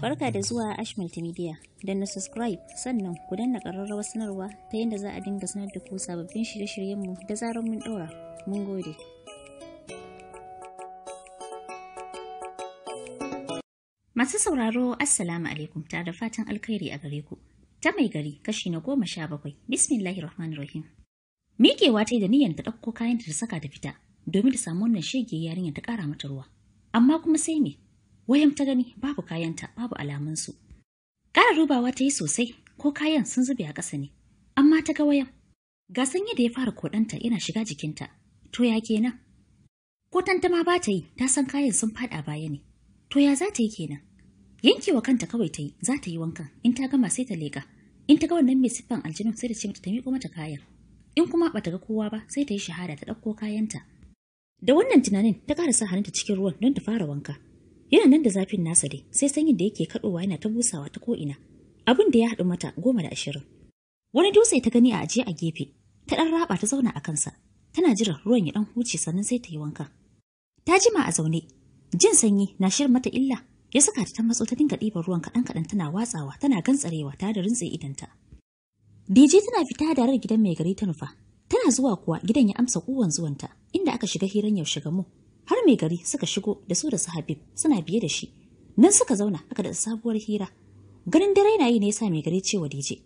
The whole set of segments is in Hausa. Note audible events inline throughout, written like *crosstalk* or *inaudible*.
Barka da zuwa Ash Multimedia. Don na subscribe sannan ku danna ƙararrawar sanarwa ta yadda za a dinga sanar da ku sababbin shirye-shiryenmu da zarar mun ɗora. Mun gode. Masu sauraro Assalamu alaikum tare da fatan alkhairi a gare ku. Ta mai gari kashi na goma sha bakwai. "Bismillahi rahman Rahim. Miƙewa ta yi da niyyar ta ɗauko kayan da saka ta fita domin ta samu wannan shege yarinyar ta ƙara mata ruwa. Amma kuma sai me? Wayan ta gani babu kayanta babu alamunsu. Ƙara rubawa ta yi sosai ko kayan sun zube a ƙasa ne, amma ta ga wayan. Ga sanyi da ya fara koɗanta yana shiga jikinta, to ya kenan? Ko tantama ba ta yi, ta san kayan sun faɗa baya ne. To ya za ta yi kenan? Yankewa kanta kawai ta yi, za ta yi wanka. in ta gama sai ta leƙa. In ta ga wannan mai siffan aljinin sai da ce mata ta miƙo mata kayan. In kuma ba ta ga kowa ba, sai ta yi shahada ta ɗauko kayanta. Da wannan tunanin ta ƙara sa hannunta cikin ruwan don ta fara wanka. Yana nan da zafin nasa dai, sai sanyin da yake kaɗowa yana ta busawa ta ko'ina. Abin da ya haɗu mata goma da ashirin. Wani dutse ta gani a ajiye a gefe, ta ɗan raba ta zauna a kansa. Tana jiran ruwan ya ɗan huce sannan sai ta yi wanka. Ta jima a zaune, jin sanyi na shirin mata illa, ya saka ta ta matso ta dinga ɗiban ruwan kaɗan-kaɗan tana watsawa tana gantsarewa tare da rintse idanta. DJ tana fita da rar gidan mai gari ta nufa, tana zuwa kuwa gidan ya amsa kuwan zuwanta, inda aka shiga hiran yaushe gamu har mai gari suka shigo da su da su Habib suna biye da shi nan suka zauna aka da sabuwar hira ganin dare na yi ne yasa mai gari cewa Dije.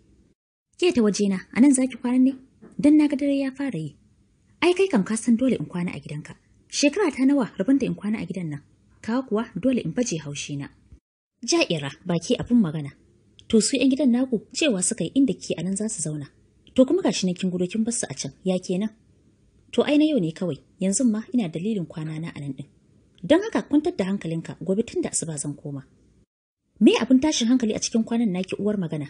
ke ta waje na nan zaki kwana ne dan naga dare ya fara yi ai kai kam ka san dole in kwana a gidanka shekara ta nawa rabon da in kwana a gidan nan ka kuwa dole in baje haushi na ja'ira baki abin magana to su yan gidan naku cewa suka yi inda ke nan za su zauna to kuma gashi na kin gudo kin bar su a can ya kenan To ai na yau ne kawai, yanzu ma ina dalilin kwana na anan din. Don haka kwantar da hankalinka gobe tun da asuba zan koma. Me abin tashin hankali a cikin kwanan naki uwar magana?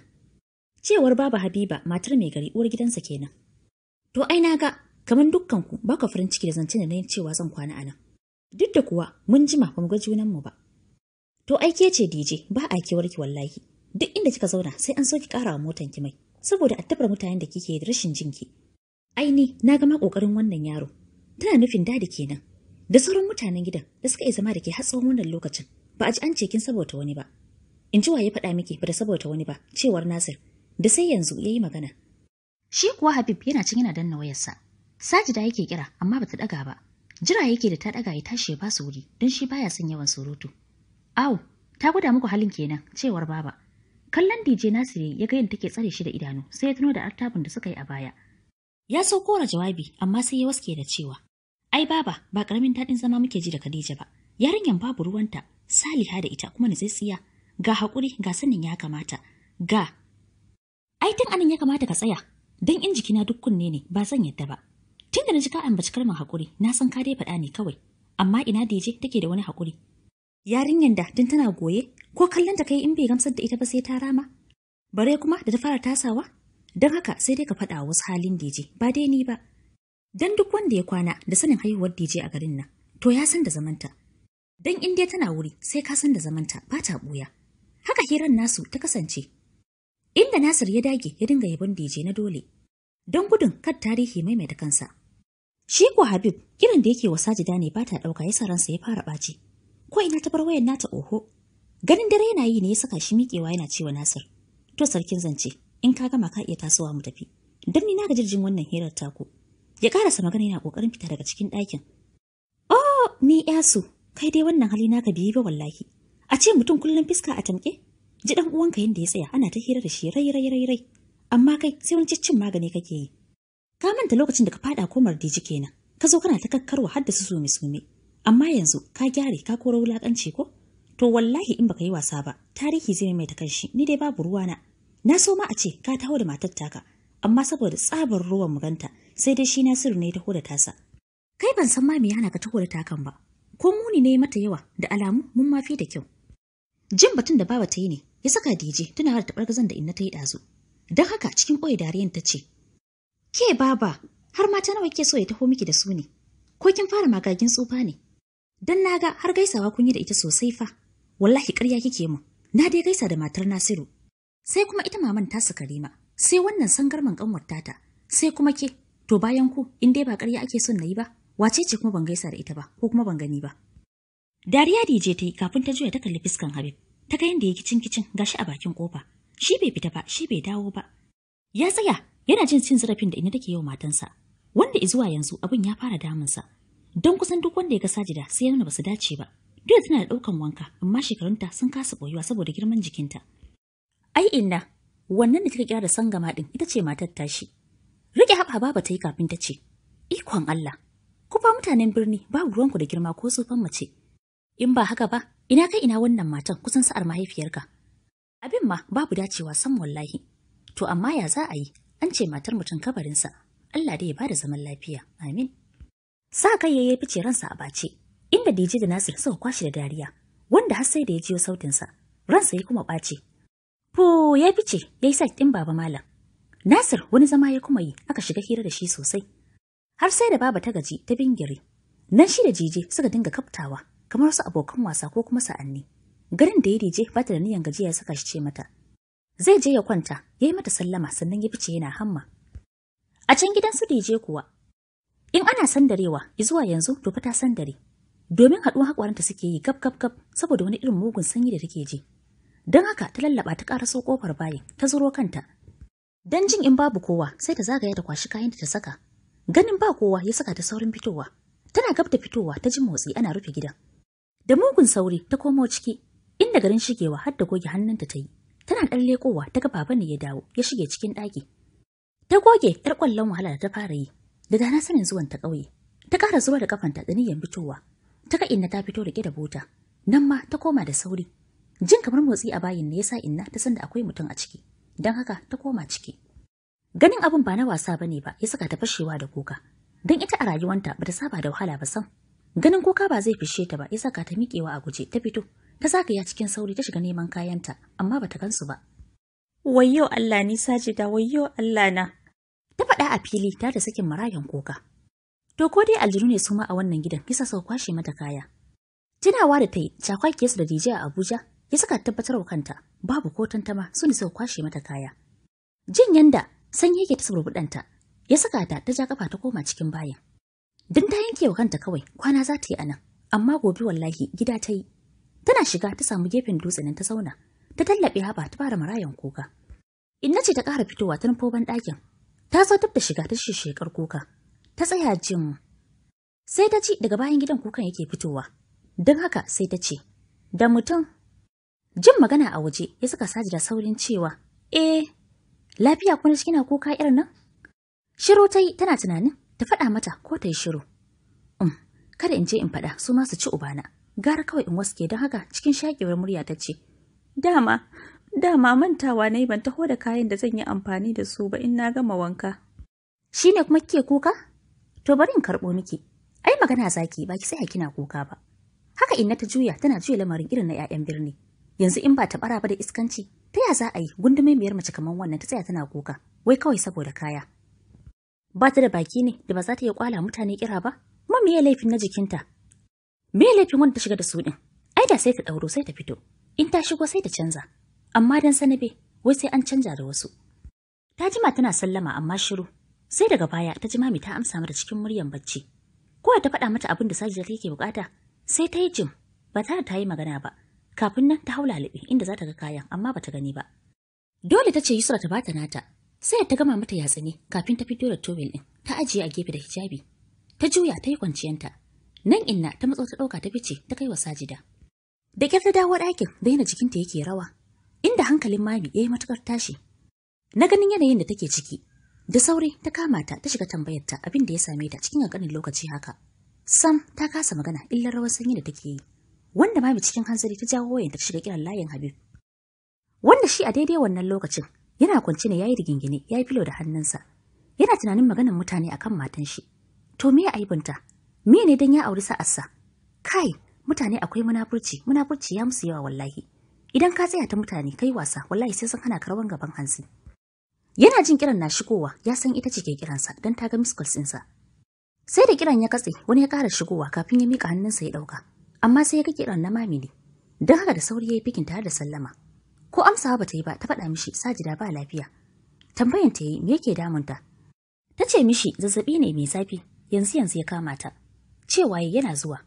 Cewar Baba Habiba matar mai gari uwar gidansa kenan. To ai na ga kamar dukkanku ku baka farin ciki da zancen da na cewa zan kwana anan. Duk da kuwa mun jima ba mu ga mu ba. To ai ke ce DJ ba a warki wallahi. Duk inda kika zauna sai an so karawa motan ki mai saboda attabar mutanen da kike da rashin jinki. Aini na gama kokarin wannan yaro. Tana nufin dadi kenan. Da sauran mutanen gidan da suka yi zama da ke har tsawon wannan lokacin ba a ji an ce kin saboda wani ba. In ji ya faɗa miki ba da saboda wani ba cewar Nasir da sai yanzu ya yi magana. Shi kuwa Habib yana cin yana danna wayarsa. Sajida yake kira amma bata daga ba. Jira yake da ta ɗaga ya tashi ya ba su wuri don shi baya son yawan surutu. Au, ta gwada muku halin kenan cewar baba. Kallon DJ Nasiri ya ga yadda take tsare shi da idanu sai ya tuno da artabin da suka yi a baya. Ya so kora jawabi amma sai ya waske da cewa, Ai baba, ba karamin daɗin zama muke ji da Khadija ba. Yarinyan babu ruwanta, saliha da ita kuma nutsatsiya. Ga hakuri ga sanin ya kamata. Ga Ai tun anan ya kamata ka tsaya, dan in jikina duk kunne ne, ba zan yadda ba. Tunda na ji ka ambaci kalmar haƙuri, na san ka dai faɗa ne kawai. Amma ina da je take da wani hakuri Yarinyan da tun tana goye, ko kallon ta kai in bai gamsar da ita ba sai ta rama. Bare kuma da ta fara tasawa, Don haka sai dai ka faɗa wasu halin DJ ba dai ni ba. Don duk wanda ya kwana da sanin haihuwar DJ a garin nan, to ya san da zamanta. Don in dai tana wuri sai ka san da zamanta ba ta ɓuya. Haka hirar nasu ta kasance. Inda Nasir ya dage ya dinga yabon DJ na dole. Don gudun kar tarihi maimaita kansa. Shi ko Habib irin da yake wa Sajida ne ba ta ɗauka ya sa ransa ya fara ɓaci. Ko ina ta bar wayar nata oho. Ganin dare yana yi ne ya saka shi miƙewa yana cewa Nasir. To sarkin zance, in ka gama ka iya tasowa mu tafi don ni na ga jirgin wannan hirar taku ya karasa magana yana kokarin fita daga cikin ɗakin oh ni yasu kai dai wannan hali naka biyi ba wallahi a ce mutum kullum fiska a tamke ji dan uwanka yanda ya tsaya ana ta hira da shi rai rai rai rai amma kai sai wani ciccin magani kake yi ka manta lokacin da ka fada komar diji kenan ka zo kana ta kakkarwa har da su sume sume amma yanzu ka gyare ka koro wulakanci ko to wallahi in baka yi wasa ba tarihi zai mai ta kanshi ni dai babu ruwana Na so ma a ce ka taho da matar taka, amma saboda tsabar ruwan muganta sai dai shi Nasiru ne taho da tasa. Kai ban san ma me yana ka taho da takan ba. Ko muni ne mata yawa da alamu mun ma fi da kyau. Jin batun da baba ta yi ne ya saka dije tana da tabar gazan da inna ta yi dazu. Don haka cikin ɓoye dariyan ta ce, Ke baba, har mata nawa ke so ya taho miki da su ne? Ko kin fara magagin tsufa ne? Dan naga har gaisawa kun yi da ita sosai fa. Wallahi ƙarya kike mu Na dai gaisa da matar Nasiru, sai kuma ita maman ta su Karima, sai wannan sangarman kanwar tata, sai kuma ke, to bayan ku in dai ba ƙarya ake son na yi ba, wace ce kuma ban gaisa da ita ba, ko kuma ban gani ba. Dariya je ta yi kafin ta juya ta kalli fiskan Habib, ta ga yanda ya kicin kicin gashi a bakin kofa, shi bai fita ba, shi bai dawo ba. Ya tsaya, yana jin cin zarafin da ina take yau matansa, wanda zuwa yanzu abin ya fara damunsa. Don kusan duk wanda ya ga sajida sai ya nuna ba su dace ba. Duk tana da ɗaukan wanka, amma shekarunta sun kasa ɓoyuwa saboda girman jikinta. Ai inna, wannan da kika kira da sangama din ita ce matar tashi. Rike haba baba ta yi kafin ta ce, Ikon Allah, ku mutanen birni babu ruwanku da girma ko tsufan mace. In ba haka ba, ina kai ina wannan matan kusan sa'ar mahaifiyarka. Abin ma babu dacewa san wallahi. To amma ya za a yi, an ce matar mutum kabarinsa, Allah dai ya bada zaman lafiya, amin. Sa kai ya fice ransa a bace, inda DJ da Nasir suka kwashi da dariya, wanda har sai da ya jiyo sautinsa, ransa ya kuma ɓace, Fu ya fice ya yi site ɗin baba malam. Nasir wani zama ya kuma yi aka shiga hira da shi sosai. Har sai da baba ta gaji ta bingire. Nan shi da jije suka dinga kaftawa kamar su abokan wasa ko kuma sa'anni. Garin da ya dije ba ta da niyan gajiya ya saka shi ce mata. Zai je ya kwanta ya yi mata sallama sannan ya fice yana hamma. A can gidan su dije kuwa. In ana sandarewa zuwa yanzu to fa ta sandare. Domin haɗuwar haƙwarinta suke yi gab gab gab saboda wani irin mugun sanyi da take ji. Don haka ta lallaba ta sau ƙofar bayin, ta zuro kanta. Don jin in babu kowa sai ta zagaya ta kwashi kayan ta saka. Ganin ba kowa ya saka ta saurin fitowa. Tana gab da fitowa ta ji motsi ana rufe gidan. Da mugun sauri ta komo ciki, inda garin shigewa har da goge hannunta ta yi. Tana ɗan leƙowa ta ga baba ne ya dawo ya shige cikin ɗaki. Ta goge ƴar ƙwallon wahala da ta fara yi, da dana sanin zuwan ta ƙauye. Ta ƙara zuwa da kafanta da niyyar fitowa. Ta ga inna ta fito riƙe da bota. Nan ma ta koma da sauri Jin kamar motsi a bayin ne yasa inna ta san da akwai mutum a ciki, dan haka ta koma ciki. Ganin abin ba na wasa bane ba ya saka ta fashewa da kuka, dan ita a rayuwanta bata saba da wahala ba san Ganin kuka ba zai fishe ta ba ya saka ta miƙewa a guje ta fito, ta zagaya cikin sauri ta shiga neman kayanta amma bata gansu ba. Wayyo Allah ni da wayyo Allah na. Ta faɗa a fili ta da sakin marayan kuka. To ko dai aljinu ne su ma a wannan gidan kisa sau kwashe mata kaya. Tunawa da ta yi cakwakiyarsu da dijiya a Abuja ya saka wa kanta babu ko tantama su ne suka kwashe mata kaya. Jin yanda sanyi yake ta surbudanta ya saka ta ta ja kafa ta koma cikin bayan. Dan ta yanke wa kanta kawai kwana za ta yi anan amma gobe wallahi gida ta yi. Tana shiga ta samu gefen dutsen ta zauna ta tallabe haba ta fara marayan kuka. Inna ce ta ƙara fitowa ta nufo ban ɗakin. Ta zo duk da shiga ta shekar kuka. Ta tsaya jin sai ta ci daga bayan gidan kukan yake fitowa. Don haka sai ta ce, da mutum Jin magana a waje ya saka da saurin cewa, "Eh, lafiya kuna kina kuka irin nan?" Shiru ta yi tana tunanin ta faɗa mata ko ta yi shiru. Um, kada in je in faɗa su ma su ci ubana. Gara kawai in waske don haka cikin shakewar murya ta ce, "Dama, dama mantawa na yi ban taho da kayan da zan yi amfani da su ba in na gama wanka." Shi ne kuma kike kuka? To bari in karɓo miki. Ai magana zaki ba ki tsaya kina kuka ba. Haka inna ta juya tana juya lamarin irin na 'ya'yan birni. yanzu in ba ta bara ba da iskanci ta ya za a yi gundume miyar mace kamar wannan ta tsaya tana kuka wai kawai saboda kaya ba ta da baki ne da ba za ta iya kwala mutane kira ba kuma me laifin na jikinta me laifin wanda ta shiga da su din ai da sai ta dauro sai ta fito in ta shigo sai ta canza amma dan sanabe wai sai an canja da wasu ta jima tana sallama amma shiru sai daga baya ta jima mai ta amsa mata cikin muryan bacci Koda ta faɗa mata abin da sajida take bukata sai ta yi jim ba tare ta yi magana ba Kafin nan ta haula lalube inda za ta ga kayan amma bata gani ba. Dole ta ce Yusra ta bata nata. Sai ta gama mata yatsa ne kafin ta fito da towel din. ta ajiye a gefe da hijabi. Ta juya ta yi kwanciyanta. Nan inna ta matso ta ɗauka ta fice ta kai wa sajida. Da kyar ta dawo ɗakin daina ta yake rawa. Inda hankalin mami ya yi matuƙar tashi. Na ganin yanayin da take ciki, Da sauri ta kama ta ta shiga tambayar ta abin da ya same ta cikin ƙanƙanin lokaci haka. Sam ta kasa magana illar rawar sanyi da take yi. wanda mai cikin hanzari ta jawo wayanta ta shiga kiran layin Habib. Wanda shi a daidai wannan lokacin yana kwance ne yayi rigingine yayi filo da hannunsa. Yana tunanin maganar mutane akan matan shi. To me ya aibinta? Me ne dan ya auri sa'arsa? Kai, mutane akwai munafurci, munafurci ya musu yawa wallahi. Idan ka tsaya ta mutane kai wasa, wallahi sai sun hana karwan gaban hanzi. Yana jin kiran na shigowa, ya san ita ce ke kiransa don ta ga miss ɗinsa. Sai da kiran ya katse, wani ya kara shigowa kafin ya mika hannunsa ya ɗauka. amma sai ya kake ranna na mami don haka da sauri ya yi fikin tare da sallama ko amsawa ba ta yi ba ta faɗa mishi sajida ba lafiya tambayan ta yi me yake damunta ta ce mishi zazzabi ne mai zafi yanzu yanzu ya kama ta cewa yana zuwa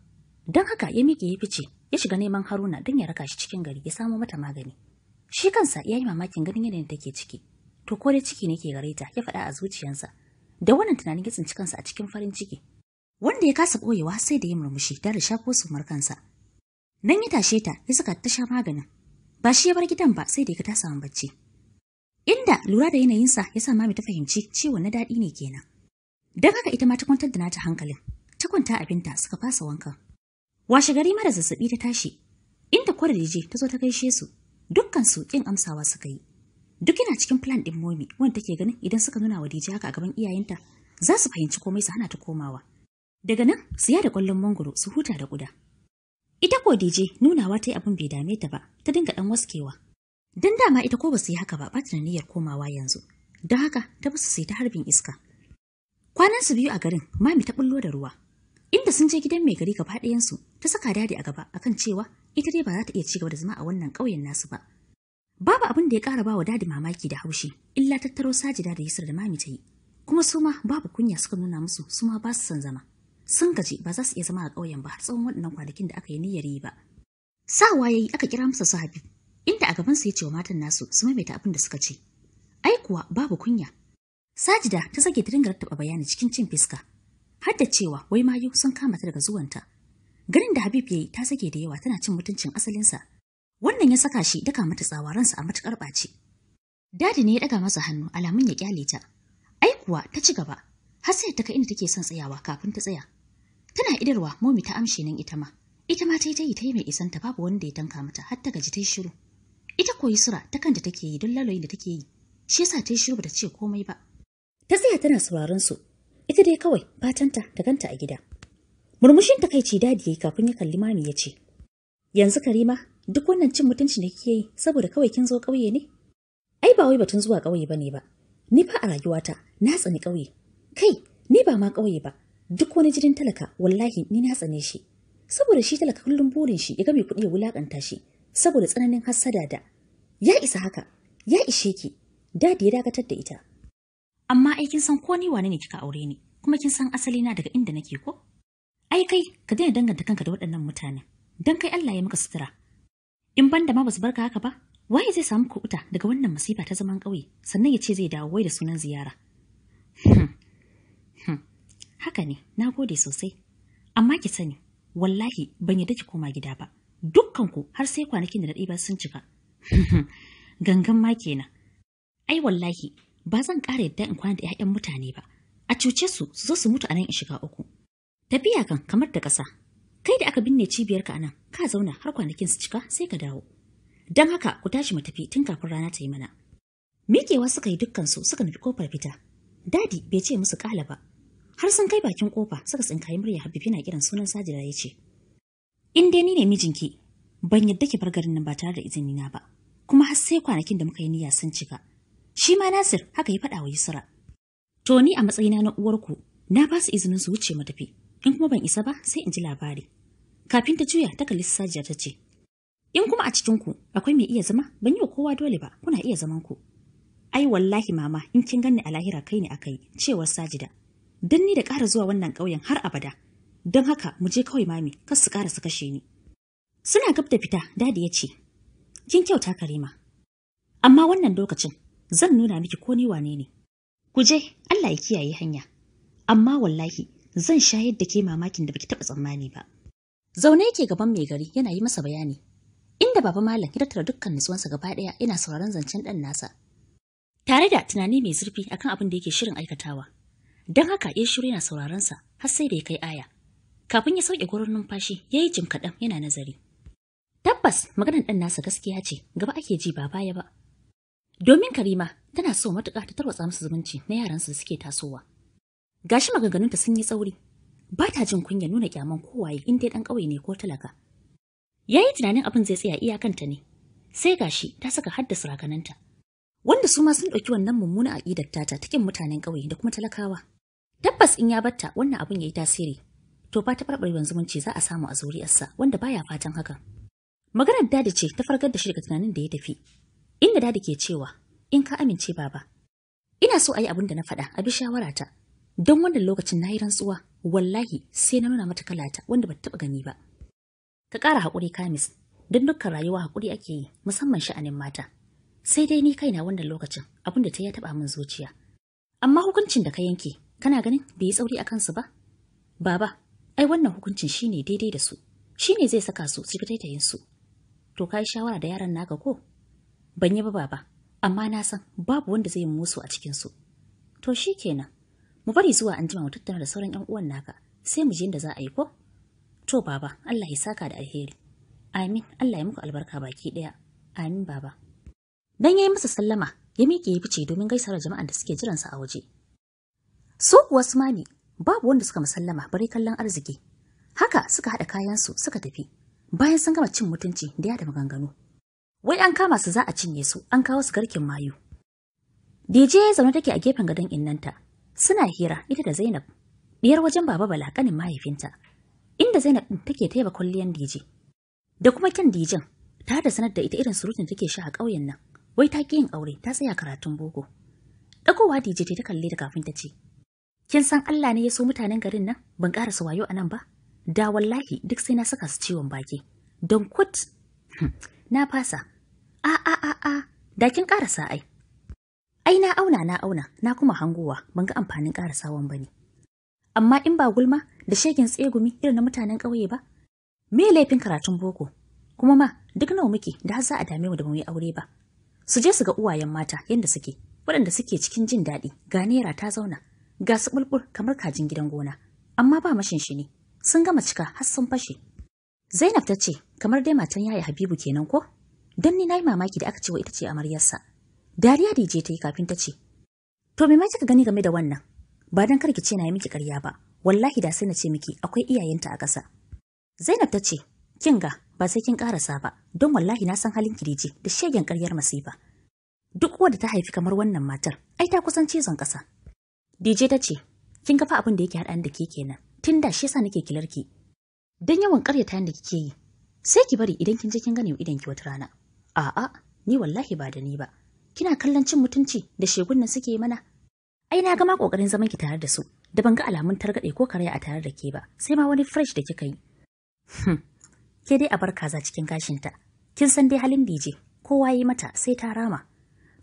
don haka ya miƙe ya fice ya shiga neman haruna don ya raka shi cikin gari ya samo mata magani shi kansa ya yi mamakin ganin yanayin take ciki to ko dai ciki ne ke gareta, ya faɗa a zuciyarsa da wannan tunanin ya tsinci kansa a cikin farin ciki wanda ya kasa ɓoyewa sai da ya murmushi da rasha ko sumar kansa. Nan ya tashe ta ya saka ta sha maganin. Ba shi ya bar gidan ba sai da ya ta samu bacci. Inda lura da yanayinsa ya sa mami ta fahimci ciwon na daɗi ne kenan. Don haka ita ma ta kwantar da nata hankalin. Ta kwanta abinta suka fasa wanka. Washe gari mara zazzaɓi ta tashi. Inda kwararije ta zo ta gaishe su. Dukkan su ƙin amsawa suka yi. Duk yana cikin plan ɗin momi wanda take ganin idan suka nuna wa Dije haka a gaban iyayenta za su fahimci komai su hana ta komawa. Daga nan siya da kwallon mangoro su huta da guda. Ita ko DJ nunawa ta yi abin bai dame ta ba, ta dinga ɗan waskewa. Don dama ita ko ba su yi haka ba ba ta niyyar komawa yanzu. Don haka ta basu sai ta harbin iska. Kwanan su biyu a garin, mami ta bullo da ruwa. Inda sun je gidan mai gari gaba ɗayansu, ta saka dadi a gaba akan cewa ita dai ba za ta iya ci gaba da zama a wannan ƙauyen nasu ba. Babu abin da ya ƙara ba wa dadi mamaki da haushi, illa tattaro sajida da yisar da mami ta yi. Kuma su ma babu kunya suka nuna musu su ma ba su son zama. sun gaji ba za su iya zama a ƙauyen ba har tsawon waɗannan kwanakin da aka yi niyyar yi ba. Sawa ya yi aka kira masa su Habib, inda a gaban su ya ce wa matan nasu su maimaita abin da suka ce. Ai kuwa babu kunya. Sajida ta sake ta dinga rattaba bayani cikin cin fiska. Har da cewa wai mayu sun kama ta daga zuwanta. Ganin da Habib ya yi ta sake da yawa tana cin mutuncin asalinsa. Wannan ya saka shi daka mata tsawa ransa a matuƙar ɓaci. Dadi ne ya ɗaga masa hannu alamun ya ƙyale ta. Ai kuwa ta ci gaba. Har sai ta kai inda take son tsayawa kafin ta tsaya. Tana idarwa momi ta amshe nan ita ma. Ita ma ta yi ta yi ta mai isanta babu wanda ya tanka mata har ta gaji ta yi shiru. Ita koyi sura ta kanta take yi don laloyin da take yi. Shi yasa ta yi shiru bata ce komai ba. Ta tsaya tana sauraron su. Ita dai kawai fatanta ta ganta a gida. Murmushin takaici dadi yayi kafin ya kalli mami ya ce. Yanzu Karima duk wannan cin mutunci da kike yi saboda kawai kin zo ƙauye ne? Ai ba wai batun zuwa ƙauye bane ba. Ni fa a rayuwata na tsani ƙauye. Kai, ni ba ma ƙauye ba, duk wani jirin talaka wallahi ni na tsane shi saboda shi talaka kullum burin shi ya ga mai kuɗi ya wulakanta shi saboda tsananin hassada da ya isa haka ya ishe ki dadi ya dakatar da ita amma ai kin san ko ni wane ne kika aure ni kuma kin san asali na daga inda nake ko ai kai ka daina danganta kanka da waɗannan mutanen dan kai Allah ya maka sutura in banda ma basu barka haka ba waye zai samu kuɓuta daga wannan masifa ta zaman ƙauye sannan ya ce zai dawo wai da sunan ziyara hmm. Haka ne, na gode sosai. Amma ki sani, wallahi ban yi ki koma gida ba. Dukkanku har sai kwanakin da na ɗiba sun cika. *laughs* Gangan ma kenan. Ai wallahi, ba zan ƙara yadda in kwana da 'ya'yan mutane ba. A cuce su, su zo su mutu a nan in shiga uku. Tafiya kan kamar da ƙasa. Kai da aka binne cibiyarka a nan, ka zauna har kwanakin su cika sai ka dawo. Don haka ku tashi mu tafi tun kafin rana ta yi mana. Miƙewa suka yi dukkansu suka nufi kofar fita. Dadi bai ce musu ƙala ba, har sun kai bakin kofa suka tsinkaye murya habibi yana kiran sunan sajira ya ce in dai ni ne mijinki ban yadda ki bar garin nan ba tare da izini na ba kuma har sai kwanakin da muka yi niyya sun cika shi ma nasir haka ya faɗa wa yusra to ni a matsayina na uwarku na ba su izinin su wuce matafi in kuma ban isa ba sai in ji labari kafin ta juya ta kalli sajiya ta ce in kuma a cikin ku akwai mai iya zama ban yi wa kowa dole ba kuna iya zaman ku ai wallahi mama in kin ganni a lahira kai ne akai cewar sajida dan ni da ƙara zuwa wannan ƙauyen har abada don haka mu je kawai mami kar su ƙara su kashe ni suna gab da fita dadi ya ce kin kyauta karima amma wannan lokacin zan nuna miki ko ni wane ne ku je Allah ya kiyaye hanya amma wallahi zan sha yadda ke mamakin da baki taɓa tsammani ba zaune yake gaban mai gari yana yi masa bayani inda baba malam ya tattara dukkan nutsuwansa gaba ɗaya yana sauraron zancen ɗan nasa tare da tunani mai zurfi akan abin da yake shirin aikatawa Don haka ya shiru yana sauraron har sai da ya kai aya. Kafin ya sauke gurin numfashi, ya yi jim kaɗan yana nazari. Tabbas maganar ɗan nasa gaskiya ce, gaba ake ji ba baya ba. Domin Karima tana so matuƙa ta tarwatsa musu zumunci na yaransu da suke tasowa. Gashi maganganunta sun yi tsauri, ba ta jin kunya nuna kyaman kowaye in dai ɗan ƙauye ne ko talaka. Ya yi tunanin abin zai tsaya iyakanta ne, sai gashi ta saka hadda surakananta. Wanda su ma sun ɗauki wannan mummuna aƙidar tata ta ƙin mutanen ƙauye da kuma talakawa. Tabbas in ya batta wannan abin ya yi tasiri. To ba ta mun zumunci za a samu a zuriyarsa wanda baya fatan hakan. Maganar dadi ce ta fargar da shi daga tunanin da ya tafi. Inda dadi ke cewa, in ka amince baba, ina so a yi abin da na faɗa a bi shawarata. Don wannan lokacin na yi rantsuwa, wallahi sai na nuna mata kalata wanda ba ta taɓa gani ba. Ka ƙara haƙuri kamis, don dukkan rayuwa haƙuri ake yi, musamman sha'anin mata. Sai dai ni kaina wannan lokacin abin da ta ya taɓa min zuciya. Amma hukuncin da ka yanke Kana ganin bai yi tsauri a kansu ba? Baba, ai wannan hukuncin ne daidai da su. Shi ne zai saka su su fita yin su. To kai shawara da yaran naka ko? Ban yi ba baba, amma na san babu wanda zai musu a cikin su. To kenan, Mu bari zuwa an jima mu tattauna da sauran 'yan uwan naka, sai mu je inda za a yi ko? To baba, Allah ya saka da alheri. Amin, Allah ya muku albarka baki ɗaya. Amin baba. Dan yayi masa sallama, ya miƙe ya fice domin gaisawa jama'an da suke jiran sa a waje. Su kuwa babu wanda suka musallama bare kallon arziki. Haka suka haɗa kayansu suka tafi bayan sun gama cin mutunci da ya da maganganu. Wai an kama su za a cinye su an kawo su garkin mayu. DJ zaune take a gefen gadon innanta suna hira ita da Zainab ɗiyar wajen baba Bala kanin mahaifinta inda Zainab din take taya kulliyan DJ da kuma kyan DJ, ta da sanar da ita irin surutun take sha a ƙauyen nan wai ta ƙi yin aure ta tsaya karatun boko dakowa DJ ta kalle ta kafin ta ce Kin san Allah ne ya so mutanen garin nan ban karasa wayo a nan ba? Da wallahi duk sai na saka su ciwon baki. Don kut, hmm, na fasa. A a a a, da kin karasa ai. Ai na auna na auna, na kuma hangowa ban ga amfanin ƙarasawan ba ne. Amma in ba gulma da shegin tsegumi irin na mutanen ƙauye ba? Me laifin karatun boko? Kuma ma duk nawa muke da har za a dame mu da mu yi aure ba. Su je su ga uwayen mata yadda suke, waɗanda suke cikin jin daɗi, ga naira ta zauna, ga su bulbul kamar kajin gidan gona amma ba mashin shi ne sun gama cika har sun fashe Zainab ta ce kamar dai matan yaya Habibu kenan ko dan ni nayi mamaki da aka ce wa ita ce amaryarsa Dariya je ta yi kafin ta ce to me ma kika gani game da wannan ba dan karki ce na yi miki karya ba wallahi da sai na ce miki akwai iyayenta a ƙasa Zainab ta ce kin ga ba sai kin karasa ba don wallahi na san halin kirije da shegen ƙaryar masifa duk wanda ta haifi kamar wannan matar ai ta kusan cizon ƙasa DJ ta ce, kin kafa abin da yake haɗa da ke kenan, tun da shi yasa nake kilarki. Don yawan tayan da kike yi, sai ki bari idan kin je kin gane idan ki wata rana. A'a, ni wallahi ba da ni ba. Kina kallon cin mutunci da shegun nan suke mana? Ai na gama ƙoƙarin zaman ki tare da su, da ban ga alamun targaɗe ko karaya a tare da ke ba, sai ma wani fresh da kika yi. Hmm. Ke dai a bar kaza cikin gashinta. Kin san dai halin DJ, kowa yi mata sai ta rama.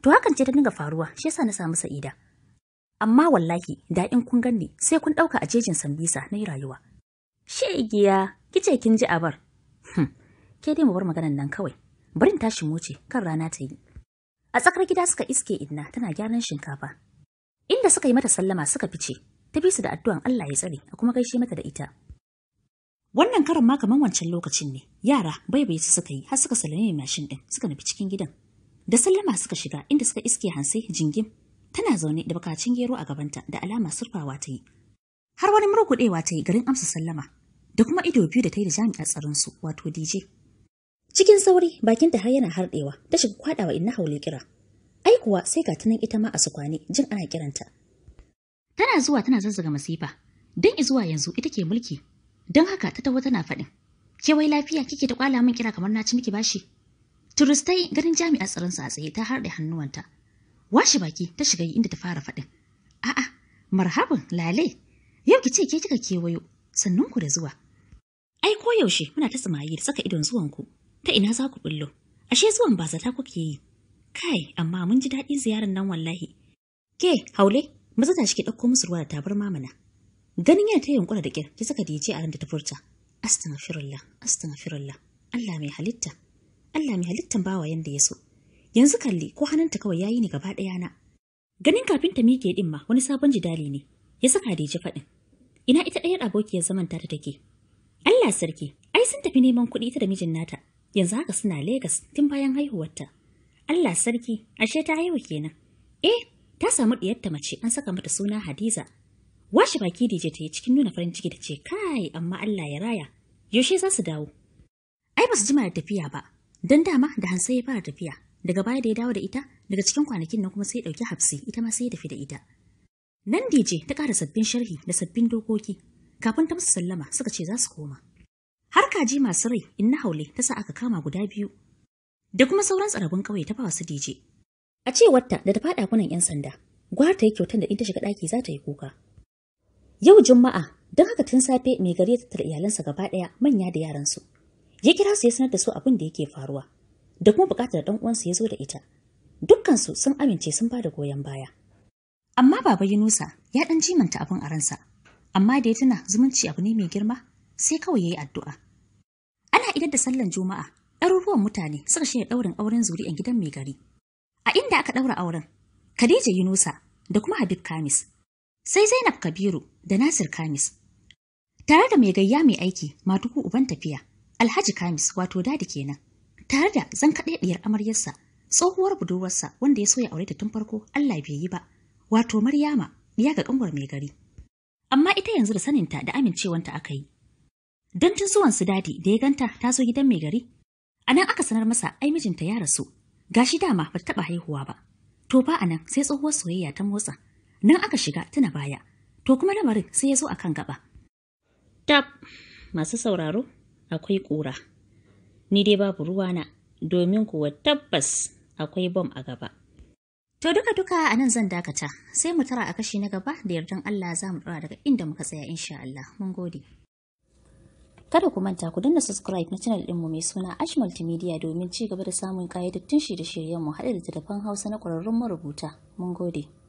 To hakan ce ta dinga faruwa, shi yasa na samu sa'ida. amma wallahi da in kun ganni sai kun ɗauka a jejin sambisa na yi rayuwa. igiya kice kin ji abar. Hmm. Ke dai mu bar maganar nan kawai. Barin tashi moce kan rana ta yi. A tsakar gida suka iske Inna tana gyaran shinkafa. Inda suka yi mata sallama suka fice, ta bi su da addu'an Allah ya tsare a kuma gaishe mata da ita. Wannan karan ma kaman wancan lokacin ne, yara bai bai suka yi har suka sallame mashin din suka nufi cikin gidan. Da sallama suka shiga inda suka iske Hansi jingim tana zaune da bakacin gero a gabanta da alama surfawa ta yi. Har wani murkuɗewa ta yi garin amsa sallama da kuma ido biyu da ta yi da jami'a tsaronsu wato DJ. Cikin sauri bakinta har yana harɗewa ta shiga kwaɗawa inna haule kira. Ai kuwa sai ga tunan ita ma a sukwane jin ana kiranta. Tana zuwa tana zazzaga masifa don zuwa yanzu ita ke mulki don haka ta taho tana faɗin. Ke wai lafiya kike ta kwala min kira kamar na ci miki bashi. Turistai ganin jami'a tsaronsa a tsaye ta harɗe hannuwanta. washe baki ta shiga inda ta fara faɗin. A'a, marhaban lale, yau ki ce ke kika kewayo, sannan ku da zuwa. Ai ko yaushe muna ta tsamayi da saka idon zuwan ku, ta ina za ku bullo? Ashe zuwan ba zata kuke yi. Kai, amma mun ji daɗin ziyarar nan wallahi. Ke, haule, maza ta ki ɗauko musu ruwa da tabar mamana. Ganin yana ta yunkura da ƙyar, ki saka DJ a ran da ta furta. Astaghfirullah, astaghfirullah. Allah mai halitta. Allah mai halittan bawa yanda ya so. yanzu kalli ko hannunta kawai yayi ne gaba ɗaya na ganin kafin ta mike din ma wani sabon jidali ne ya saka da ji faɗin ina ita ɗayar abokiyar zaman ta take Allah sarki ai sun tafi neman kuɗi ta da mijin nata yanzu haka suna Legas tun bayan haihuwarta Allah sarki ashe ta haihu kenan eh ta samu ɗiyarta mace an saka mata suna Hadiza washe baki DJ ta yi cikin nuna farin ciki da ce kai amma Allah ya raya yaushe za su dawo ai ba su jima da tafiya ba don dama da hansa ya fara tafiya daga baya da ya dawo da ita daga cikin kwanakin nan kuma sai ya ɗauki hafsi ita ma sai ya tafi da ita nan DJ ta ƙara sabbin sharhi da sabbin dokoki kafin ta musu sallama suka ce za su koma har kaji masu rai in na haule ta sa aka kama guda biyu da kuma sauran tsarabin ƙauye ta bawa su dije a watta da ta faɗa kunan 'yan sanda gwar ta yi kyautar da in ta shiga ɗaki za ta yi kuka yau juma'a don haka tun safe mai gari ya tattara iyalansa gaba ɗaya manya da yaransu ya kira su ya sanar da su abin da yake faruwa da kuma bukatar ɗan uwansu ya zo da ita. Dukkansu sun amince sun ba da goyon baya. Amma Baba Yunusa ya ɗan jimanta abin a ransa, amma da ya tuna zumunci abu ne mai girma sai kawai ya yi addu'a. Ana idar da sallan Juma'a, ɗaruruwan mutane suka shirya ɗaurin auren zuri'an gidan mai gari. A inda aka ɗaura auren, Khadija Yunusa da kuma Habib Kamis, sai Zainab Kabiru da Nasir Kamis. Tare da mai gayya mai aiki matuku uban tafiya, Alhaji Kamis wato dadi kenan. tare da zan ɗiyar amaryarsa tsohuwar budurwarsa wanda ya soya aure ta tun farko Allah bai yi ba wato Maryama ya ga kanwar mai gari amma ita yanzu da saninta da amincewanta aka yi don tun zuwan su dadi da ya ganta ta zo gidan mai gari a nan aka sanar masa ai mijinta ya rasu gashi dama ba ta taɓa haihuwa ba to ba a nan sai tsohuwar soyayya ta motsa nan aka shiga tuna baya to kuma lamarin sai ya zo a kan gaba tab masu sauraro akwai ƙura. ni dai babu ruwa na, domin kuwa tabbas akwai bom a gaba. To duka duka a nan zan dakata sai mu tara a kashi na gaba da yardan Allah za mu tsara daga inda muka tsaya insha Allah mun gode. Kada ku manta ku danna subscribe na channel ɗinmu mai suna Ash Multimedia domin ci gaba da samun ƙayyadattun shirye-shiryenmu haɗa da tafan Hausa na ƙwararrun marubuta. Mun gode.